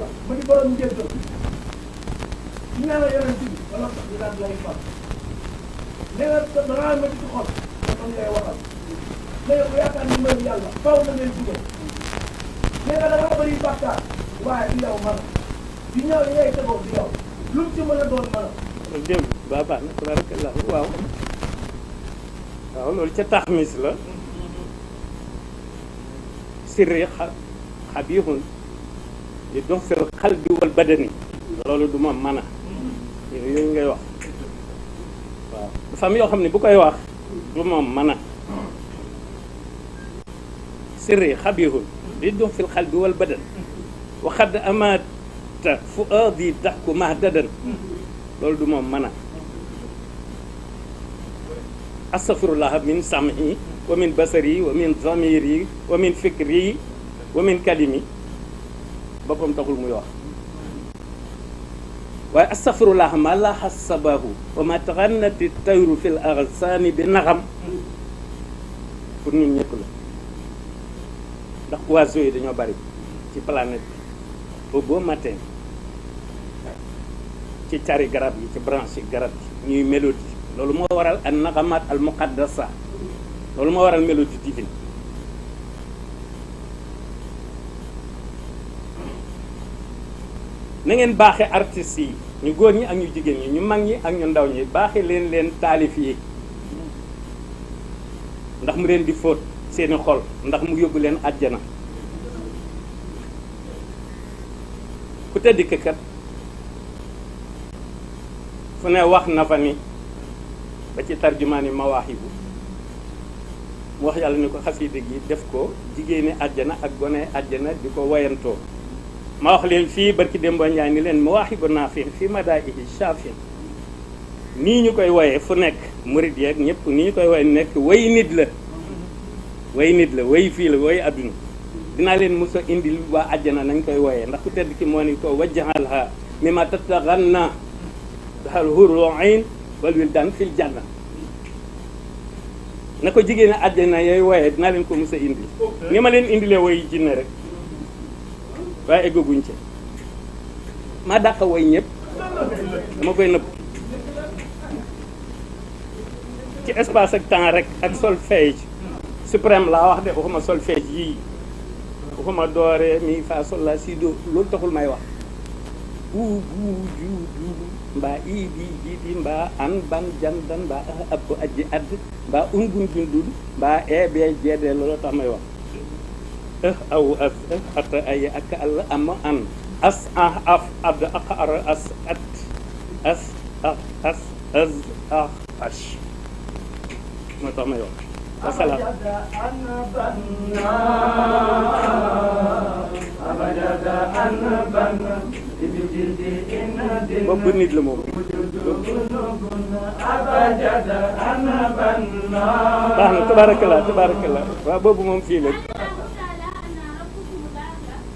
yàlla mu di borom njëltal ñu ne la yonent bi wala sax ñu daan lay fal ne la dangaa ma ci xol te man ngay waxal ne ko yaakaar ni mën yàlla faw na ngay dugal ne la danga bëri bàkkaar waaye di yow man di ñëw li ngay tegoo di yow lu ci mën a doon man dégg ba baax na tabarakallah waaw waaw loolu ca taxmis la sirri xabixun li dox fil xalbi wal badani loolu du ma mën a yooyu ngay wax waaw dafa am yoo xam ne bu koy wax du ma a sirri xabirun dox fil xalbi wal badan wa xad amaata fu aadi mahdadan loolu du ma mën a astafirullah min sam'i wa min basari wa min zamiri wa min kalimi boppam taxul muy wax waaye astafirullah ma la xasabahu wa ma taxannati tayru fil arsaani bi naxam pour ñun ñëpp la ndax oiseaux yi dañoo bari ci planète bi au matin ci cari garab yi ci branche garab yi ñuy mélodie loolu moo waral an naxamaat al loolu moo waral mélodie divine na ngeen baaxe artistes yi ñu góor ñi ak ñu jigéen ñi ñu mag ñi ak ñu ndaw ñi baaxe leen leen taalif yi ndax mu leen di fóot seeni xol ndax mu yóbbu leen àjjana ku tëdd kat fu ne wax na fa ni ba ci tarjumaani mawaahibu mu wax yàlla ni ko xasida gi def ko jigéeni àjjana ak gone àjjana di ko woyantoo ma wax leen fii ci Demba Ndiaye ni leen Mawaahibu Naafi' fii Madaa'ihi Shaafi'in nii ñu koy woyee fu nekk murid yeeg ñëpp nii ñu koy woyee nekk way nit la way nit la way fii la way adduna dinaa leen mos indi indil waa àjjana nañ koy woyee ndax ku tedd ki moo ni ko wajjahalha mimma tattaganna hal hurul ayn wal wildaan fil janna na ko jigéen àjjana yooyu woyee dinaa leen ko mos a indil ni ma leen indilee woy jinne rek waaye eggaguñ ci maa dàq woy ñëpp dama koy nëbb ci espace ak temps rek ak solfège suprême laa wax de sol solfège yii waxuma doore mi fa la si loolu taxul may wax bu bu ju du mbaa ii bi mbaa an ban jan dan mbaa ab ajji add mbaa un gun dun dun mbaa ee bee jeedee loolu tax may wax ëh aw e, as ëh at ay ak al am an as ah af ad ak ar as at as ah as az ah ash moo tax ma yoon wasalaam boobu nit la moom baax na tabaarakallaa tabaarakallaa waaw boobu moom fii la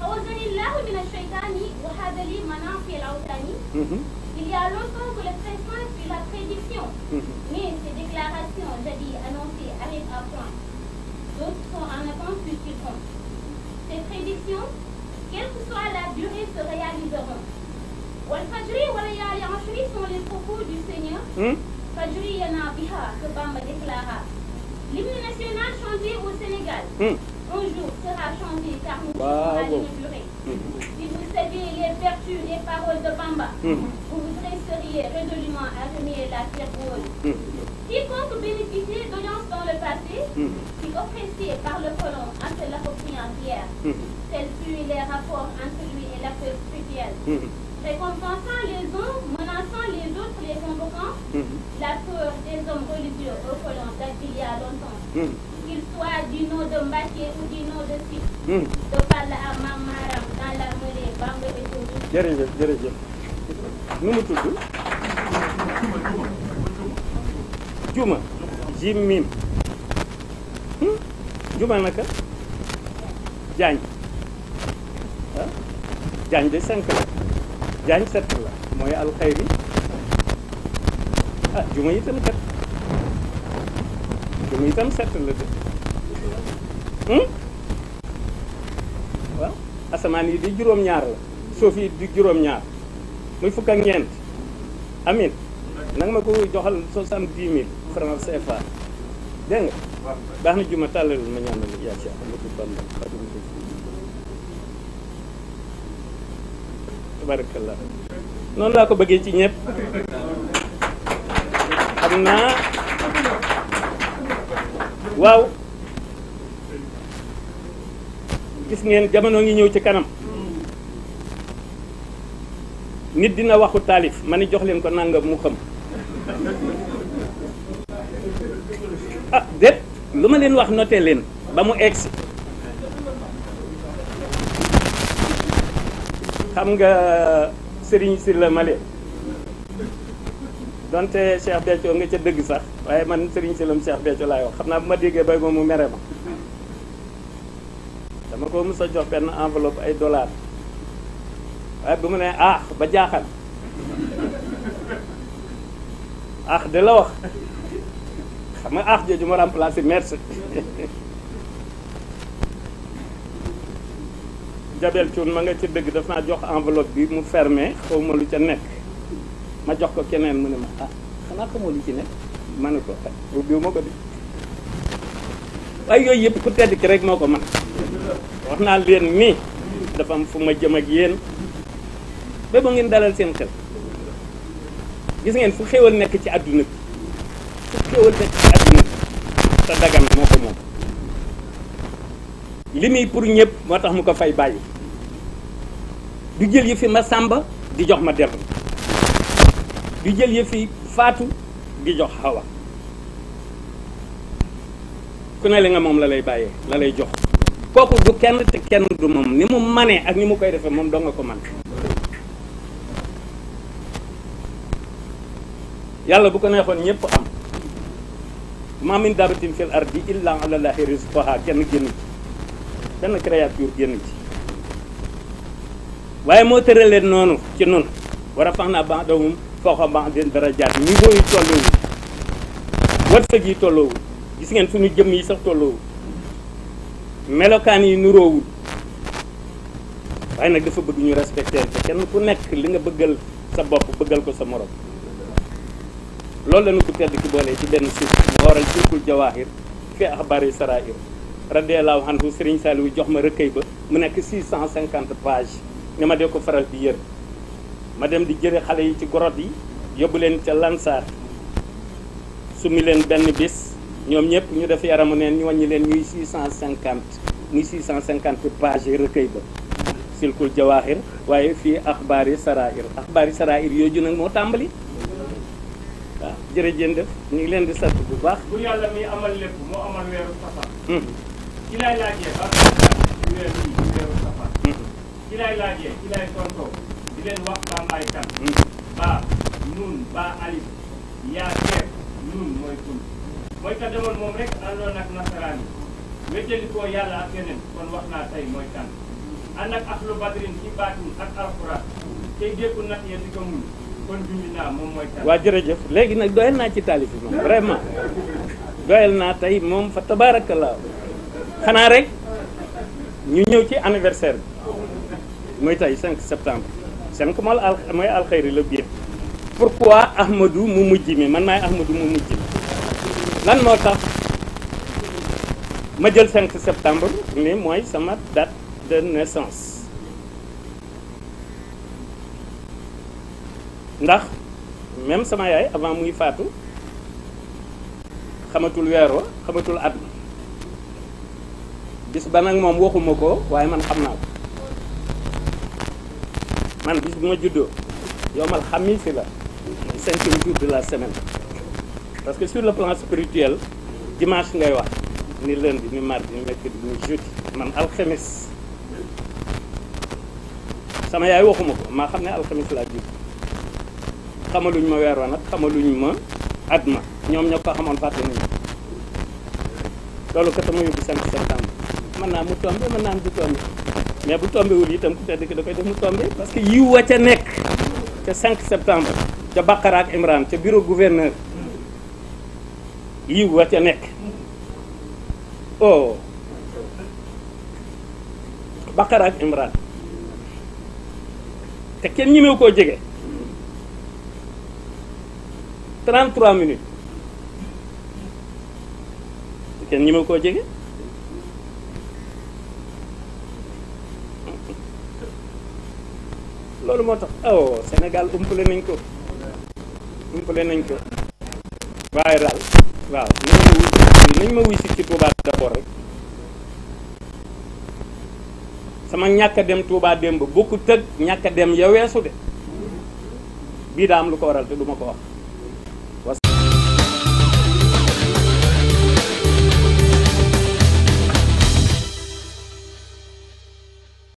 فوزني الله من الشيطان وهب Il y a longtemps le pressement fut la prédiction, mais ces déclarations jadis annoncées arrivent à point. D'autres sont en attente plus quiconque. Ces prédictions, quelle que la durée, se réaliseront. Walfajri walayali sont les propos du Seigneur. Hmm? Fajri yana biha que Bamba déclara. L'hymne national chanté au Sénégal. Hmm. un jour sera changé car nous wow. allons durer. Si vous saviez les vertus des paroles de Bamba, vous vous dresseriez résolument à remuer la pierre rose. Quiconque bénéficiait d'audience dans le passé, qui oppressé par le colon en se l'appropriant hier, tels fut les rapports entre lui et l'acteur spirituel. Récompensant les uns, menaçant les autres, les convoquant, la peur des hommes religieux au colon date d'il y a longtemps. fois du nom de Mbacké ou du nom de Cissé. de Maram dans la mêlée Bamba et Touré. jërëjëf jërëjëf nu juma jim mim hmm? juma naka jaañ ah jaañ de cinq la jaañ sept la mooy alxayri ah juma itam kat juma itam sept la de Hmm? waaw asamaan yi di juróom-ñaar la suuf yi di juróom-ñaar muy fukk ak ñeent amin nanga ma ko joxal soixante-dix mille francs CFA dégg baax na juma tàllal ma ñaanal yaa ci Ahmadou Bamba tabarakallah noonu laa ko bëggee ci ñëpp xam naa waaw gis ngeen jamono ngi ñëw ci kanam nit dina waxu taalif ma ni jox leen ko nangam mu xam ah déet lu ma leen wax noté leen ba mu egsi xam nga si Serigne Sylla Male donte Cheikh Béthio nga ca dëgg sax waaye man Serigne Sylla Cheikh Béthio laay wax xam naa bu ma déggee bay moom mu mere ma ma ko mës a jox benn enveloppe ay dollars waaye bu mu ne ah ba jaaxal ah de la wax xam nga ah jooju ma remplacé merci Jabel Thioune ma nga ci dëgg daf naa jox enveloppe bi mu fermé xaw ma lu ca nekk ma jox ko keneen mu ne ma ah xanaa xamoo lu ci nekk ma ne ko eh, ubbiwu ma ko waaye yooyu yëpp ku tedd ki rek moo ko man wax naa leen ni dafa fu ma jëm ak yéen ba ba ngeen dalal seen xel gis ngeen fu xéwal nekk ci àdduna bi fu xéwal nekk ci àdduna bi te dagan moo ko moom li muy pour ñëpp moo tax mu ko fay bàyyi du jël yëfi ma sàmba di jox ma dem du jël yëfi faatu di jox xawa ku ne li nga moom la lay bàyyee la lay jox kooku du kenn te kenn du moom ni mu manee ak ni mu koy defee moom doo nga ko man yàlla bu ko neexoon ñëpp am ma min dabatin fil ardi illa ala llahi rizquha kenn génn ci benn créature génn ci waaye moo tëralee noonu ci nun war a fax naa ban doomum fooxa ban niveau yi tolloowul wërsëg yi tolloowul gis ngeen suñu jëmm yi sax tolloowul melokaan yi nuroowul waaye nag dafa bëgg ñu respecter kenn ku nekk li nga bëggal sa bopp bëggal ko sa morom loolu lañu ko tedd ki boole ci benn suuf mu waral cirkul jawaahir fi axbaari sarair radiallahu anhu Serigne Saliou jox ma recueil ba mu nekk 650 pages nga ma dee ko faral di yër ma dem di jëre xale yi ci gorot yi yóbbu leen ca Lansar su mi leen benn bis ñoom ñëpp ñu def yaramu neen ñu wàññi leen ñuy 650 muy 650 page recueil ba silkul jawahir waaye fii axbaari sarair axbaari sarair yooyu nag moo tàmbali waaw jërëjëf def ñu ngi leen di sant bu baax bu yàlla mi amal lépp moo amal weeru safar hmm. ci lay laajee ba hmm. ci lay laajee di leen wax bambaay kan hmm. ba nun ba alif yaa teer nun mooy tund mooy ka demoon moom rek àndoon ak nasaraan yi wéttali koo yàlla ak yeneen kon wax naa tey mooy kan ànd ak ahlu badrin ci baatin ak alxuraan tey dékku nag ya di ko muñ kon jundi naa moom mooy kan waa jërëjëf léegi nag doyal naa ci taalif bi moom vraiment doyal naa tey moom fa tabaarakallaa xanaa rek ñu ñëw ci anniversaire bi muy tey 5 septembre 5 mool al mooy alxayri la biir pourquoi ahmadou mu mujj mi man maay ahmadou mu mujj mi lan moo tax ma jël 5 septembre ni mooy sama date de naissance ndax même sama yaay avant muy faatu xamatul weer xamatul at bis ba nag moom waxuma ko waaye man xam naa ko man bis bu ma juddoo yomal xamis la cinquième jour de la semaine parce que sur le plan spirituel dimanche ngay wax ni lundi ni mardi ni mercredi ni jeudi man alxames sama yaay waxuma ko maa xam ne alxames laa judd xamaluñ ma weer wa nag xamaluñ ma at ma ñoom ñoo ko xamoon fàtte nañu loolu kat ma yóbbu cinq septembre mën naa mu tombe mën naa am du tombe mais bu tombewul itam ku tedd ki da koy def mu tombe parce que yiw wa ca nekk ca 5 septembre ca Baqara ak ca bureau gouverneur yiw wa ca nekk oh ak Imran te kenn ñemewu koo jege 33 minutes te kenn ñemewu koo jege loolu moo tax oh Sénégal umpale nañ ko umpale nañ ko waaye waaw nañ ma wuy si ci Touba d'abord rek sama ñàkk dem tuubaa démb bokkut ak ñàkk dem ya weesu de bii daa am lu ko waral te du ma ko wax